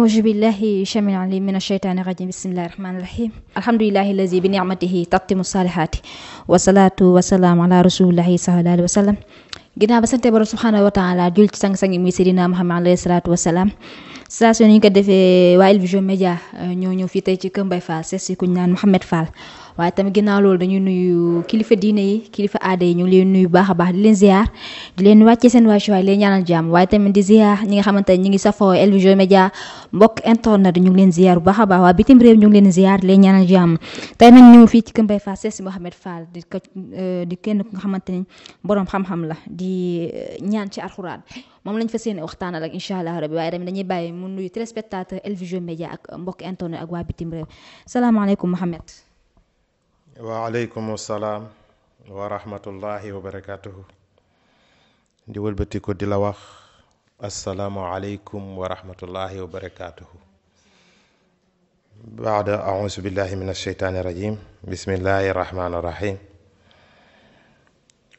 أعوذ بالله شمل عليم من الشيطان الرجيم بسم الله الرحمن الرحيم الحمد لله الذي بنعمته تتم الصالحات والصلاة والسلام على رسول الله صلى الله عليه وسلم ginnaaw ba sante borom subhaanahu wa taala jul ci sang-sang yi muy Seydina Muhammad alayhi salaatu wasalaam saa su ñu ko defee waa El Vision Médias eh, ñoo ci Kër Mbaye Fall seet si kuñ waaye tamit ginnaaw loolu dañuy nuyu kilifa diine yi kilifa aada yi ñu ngi leen nuyu baax a baax di leen ziar di leen wàccee seen wàccu waaye leen ñaanal jàmm waaye tamit di ziar ñi nga xamante ne ñi ngi safoo Elvision Média mbokk internet ñu leen ziar bu baax a baax waa bitim réew ñu ngi leen ziar di leen fii ci Kër Mbaye Fall seet si Mouhamed Fall di ko euh, di kenn ku nga xamante ni borom xam la di euh, ñaan ci alxuraan moom lañ fas yéene waxtaanal ak incha allah rabbi waaye tamit dañuy bàyyi mu nuyu téléspectateur El ak mbokk internet ak waa bitim réew salaamaaleykum Mouhamed waaleykum salaam wa rahmatullahi wa barakaatuhu di wëlbatiku di la wax asalaamualeykum wa rahmatullahi wa barakaatuhu baada ausu billahi min alsheytaani rajim bismillahi rahmaani rahim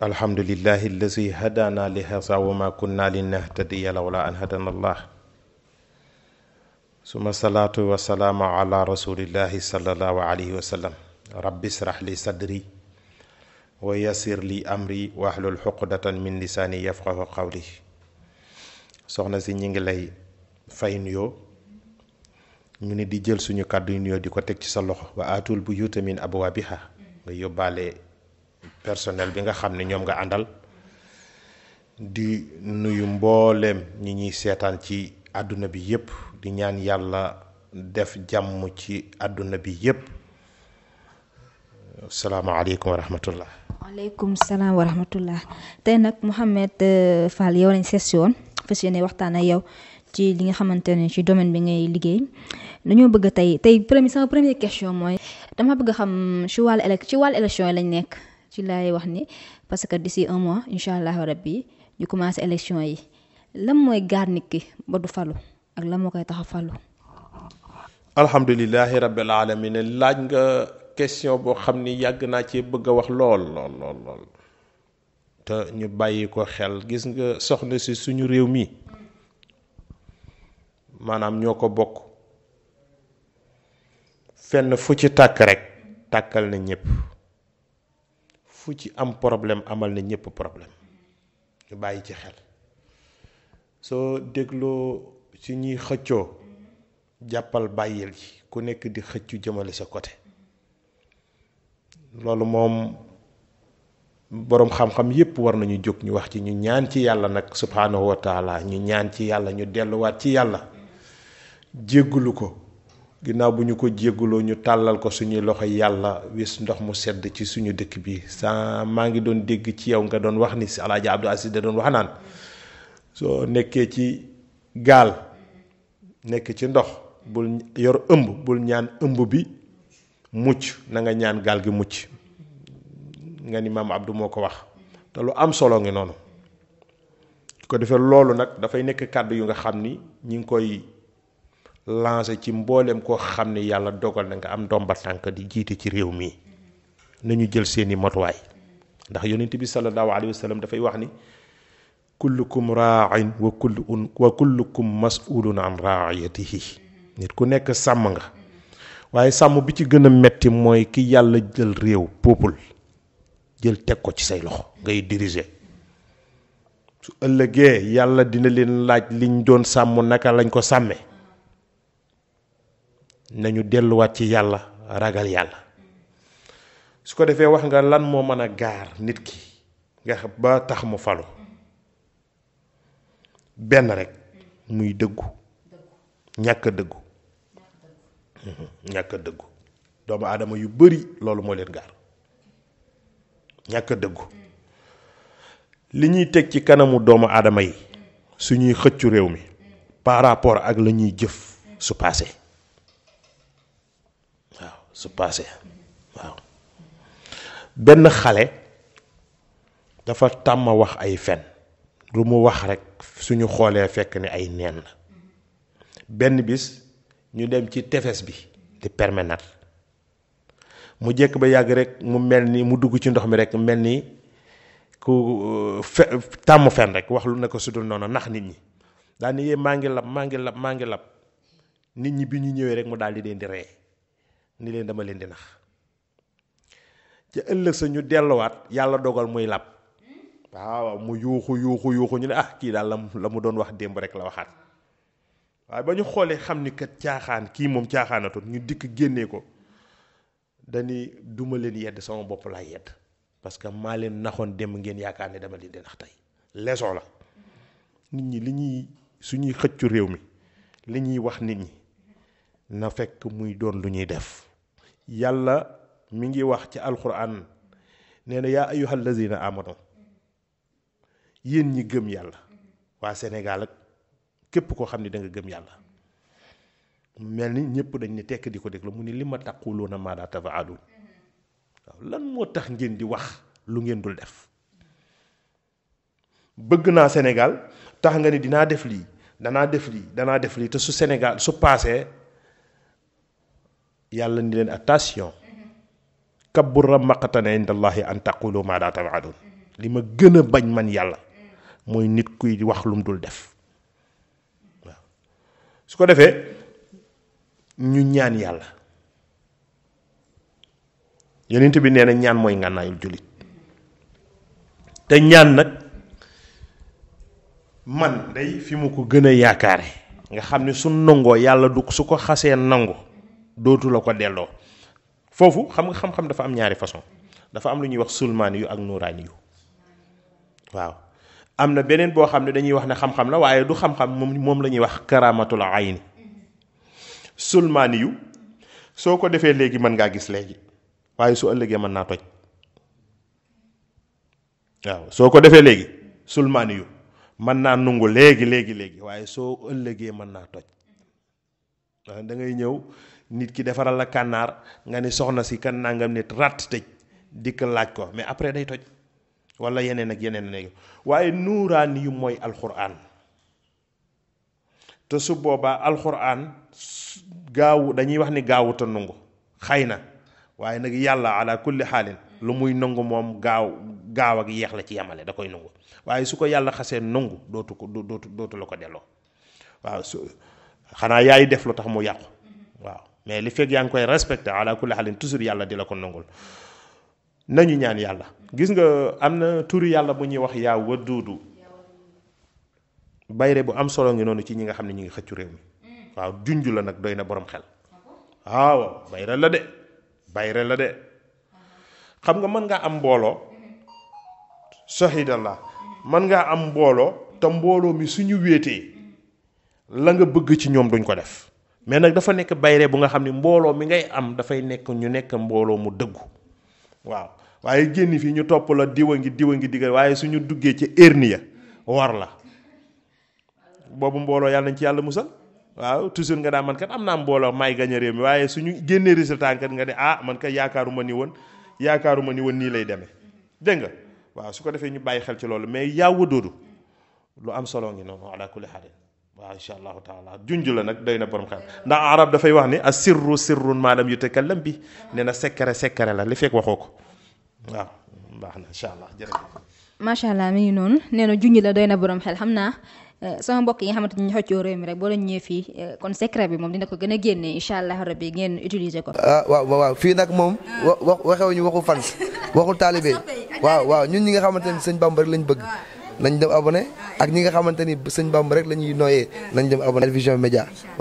alhamdulillahi allazi hadana li hasa wa ma kunna linahtadiya lawla an hadana allah suma salaatu wa salaamu ala rasulillahi sallallahu alayhi wa sallam rabbi israh li sadri wa yassir li amri wahlul xuqdatan min lisaani yafqahu qawli soxna si ñi ngi lay fay nuyoo ñu ni di jël suñu kàddu yu nuyoo di ko teg ci sa loxo wa atul buyuuta min abwaabiha nga yóbbaale personnel bi nga xam ne ñoom nga àndal di nuyu mbooleem ñi ñuy seetaan ci àdduna bi yépp di ñaan yàlla def jàmm ci àdduna bi yépp salaamaaleykum wa rahmatullah. waaleykum salaam wa rahmatullah tey nag Mouhamed euh, Fall yow lañ sees woon fas yéene waxtaan ak yow ci li nga xamante ne ci domaine bi ngay liggéey dañoo bëgg tey tey premier sama première question mooy. dama bëgg xam ci wàllu élec ci wàllu élection yi lañ nekk ci lay wax ni parce que di si un mois incha allah rabbi ñu commencé élection yi lan mooy gaar nit ki ba du falu ak lan moo koy tax a falu. alhamdulilah rabbil alamin laaj nga. question boo xam ni yàgg naa ci bëgg a wax lool lool te ñu bàyyi ko xel gis nga soxna si suñu réew mi maanaam ñoo ko bokk fenn fu ci tàkk rek tàkkal na ñëpp fu ci am problème amal na ñëpp problème ñu bàyyi ci xel soo dégloo ci ñuy xëccoo jàppal bàyyil ji ku nekk di xëccu jëmale sa côté loolu moom boroom xam-xam yépp war nañu jóg ñu wax ci ñu ñaan ci yàlla nag subhanahu ñu ñaan ci yàlla ñu delluwaat ci yàlla jéggulu ko ginnaaw bu ñu ko jégguloo ñu tàllal ko suñuy loxo yàlla wis ndox mu sedd ci suñu dëkk bi sa maa ngi doon dégg ci yow nga doon wax ni si alaaji Abdou Aziz da doon wax naan soo nekkee ci gaal nekk ci ndox bul yor ëmb bul ñaan ëmb bi mucc na nga ñaan gaal gi mucc nga ni maam Abdou moo ko wax te lu am solo ngi noonu ko defee loolu nag dafay nekk kàddu yu nga xam ni ñu ngi koy lancé ci mboolem koo xam ni yàlla dogal na nga am ndomba tànk di jiite ci réew mi nañu jël seeni matuwaay ndax yonent bi sallallahu alayhi wa dafay wax ni kullukum raain wa kullu wa kullukum masulun an raayatihi nit ku nekk sàmm nga waaye sàmm bi ci gën a metti mooy ki yàlla jël réew peuple jël teg ko ci say loxo ngay diriger su ëllëgee yàlla dina leen laaj liñ doon sàmm naka lañ ko sàmme nañu delluwaat ci yàlla ragal yàlla su ko defee wax nga lan moo mën a gaar nit ki nga xam ba tax mu falu benn rekk muy dëggu ñàkk dëggu ñàkk a dëggu doomu aadama yu bari loolu moo leen gaar ñàkk dëggu li ñuy teg ci kanamu doomu aadama yi suñuy xëccu réew mi par rapport ak la ñuy jëf su passé waaw su passé waaw benn xale dafa tàmm wax ay fen lu mu wax rekk suñu xoolee fekk ni ay neen benn bis ñu dem ci tefes bi di permanent mu jekk ba yàgg rek mu mel ni mu dugg ci ndox mi rek mel ni ku euh, fe tàmm fen rek wax lu ne ko su dul noonu nax nit ñi daal yee maa ngi lab maa ngi lab maa ngi lab nit ñi bi ñu ñëwee rek mu daal di leen di ree ni leen dama leen di nax ca ëllëg sa ñu dellowaat yàlla dogal muy lab hmm? waaw mu yuuxu yuuxu yuuxu ñu ne ah kii daal la mu doon wax démb rek la waxaat waaye ba ñu xoolee xam ni kat caaxaan kii moom caaxaanatu ñu dikk génnee ko dañuy duma leen yedd sama bopp laa yedd parce que maa leen naxoon dem ngeen yaakaar ne dama leen di nax tey leçon la nit ñi li ñuy suñuy xëccu réew mi li ñuy wax nit ñi na fekk muy doon lu ñuy def yàlla mi ngi wax ci alquran nee na yaa ayyuhal lazina amanu yéen ñi gëm yàlla waa Sénégal ak képp koo xam ne da nga gëm yàlla mel ni ñépp dañ ne tekk di ko déglu mu ne li ma taquluuna maa laa tafaaluun lan moo tax ngeen di wax lu ngeen dul def bëgg naa Sénégal tax nga ni dinaa def lii danaa def lii danaa def lii te su Sénégal su paasee yàlla ni leen attention kabura maqatan inda allahi an taqulu maa laa tafaaluun li ma gën a bañ man yàlla mooy nit kuy wax lu mu dul def su ko defee ñu ñaan yàlla yonent bi nee na ñaan mooy ngànnaayul jullit te ñaan nag man day fi mu ko gën a yaakaare nga xam ne su nangoo yàlla du su ko xasee nangu dootu la ko delloo foofu xam nga xam-xam dafa am ñaari façon dafa am lu ñuy wax sulmaani yu ak nuuraani yu waaw am na beneen boo xam ne dañuy wax ne xam-xam la waaye du xam-xam moom moom la ñuy wax karaamatul ayni sulmaani yu soo ko defee léegi mën ngaa gis léegi waaye su ëllëgee mën naa toj waaw soo ko defee léegi sulmaani yu mën naa nungu léegi léegi léegi waaye soo ëllëgee mën naa toj waaw ah, da ngay ñëw nit ki defaral la kànnaar nga ne soxna si kan nangam nit rat tëj dikk laaj ko mais après day toj. wala yeneen ak yeneen léegi waaye nuuraani yu mooy alxuraan te su boobaa alxuraan gaawu dañuy wax ni gaawuta nangu xay na waaye nag yàlla ala kulli xaalin lu muy nangu moom gaaw gaaw ak yeex la ci yamale da koy nangu waaye su ko yàlla xasee nangu dootu ko dootu dootu la ko delloo waaw su xanaa yaay def lu tax mu yàqu mm-hmm. waaw mais li fekk yaa ngi koy respecté ala kulli xaalin toujours yàlla di la ko nangul nañu ñaan yàlla gis nga am na turi yàlla bu ñuy wax yaa waduudu bayre bu am solo ngi noonu ci ñi nga xam ne ñu ngi xëccu réew mi waaw junj la nag doy na borom xel waaw bayre la de bayre la de xam nga mën ngaa am mbooloo soxidallah mën ngaa am mbooloo te mbooloo mi suñu wéetee la nga bëgg ci ñoom duñ ko def mais nag dafa nekk bayre bu nga xam ne mbooloo mi ngay am dafay nekk ñu nekk mbooloo mu dëggu waaw waaye génn fii ñu topp la diwa ngi a ngi digal waaye suñu duggee ci hernie war la boobu mbooloo yàlla nañ ci yàlla musal waaw toujours nga daa man kat am naa mbooloo may gañ a waaye suñu génnee résultat nga ne ah man kat yaakaaruma ni woon yaakaaruma ni woon nii lay demee dégg waaw su ko defee ñu bàyyi xel ci loolu mais yàwwa doodu lu am solo ngi noonu ala kulli xaalin waaw incha allahu taala junj la nag doy na borom xam ndax arab dafay wax ni a sirru sirrun maadam yu tëkkallam bi nee na sekkare sekkare la li fekk waxoo ko waaw baax na incha allah jërëjëf macha allah noonu nee na junj la doy na borom xel xam naa eh, sama mbokk yi nga xamante ni xëccoo réew mi rek boo leen ñëwee fii eh, kon secret bi moom dina ko gën a génnee incha allah rabbi ngeen utiliser ko. Ah, waaw waaw fii nag moom. wa waxewuñu waxu fans waxu taalibe. waaw waaw ñun ñi nga xamante ne nañ dem abonné ak ñi nga xamante ni sëñ Bamba rek la ñuy nooyee nañ dem abonné El Vision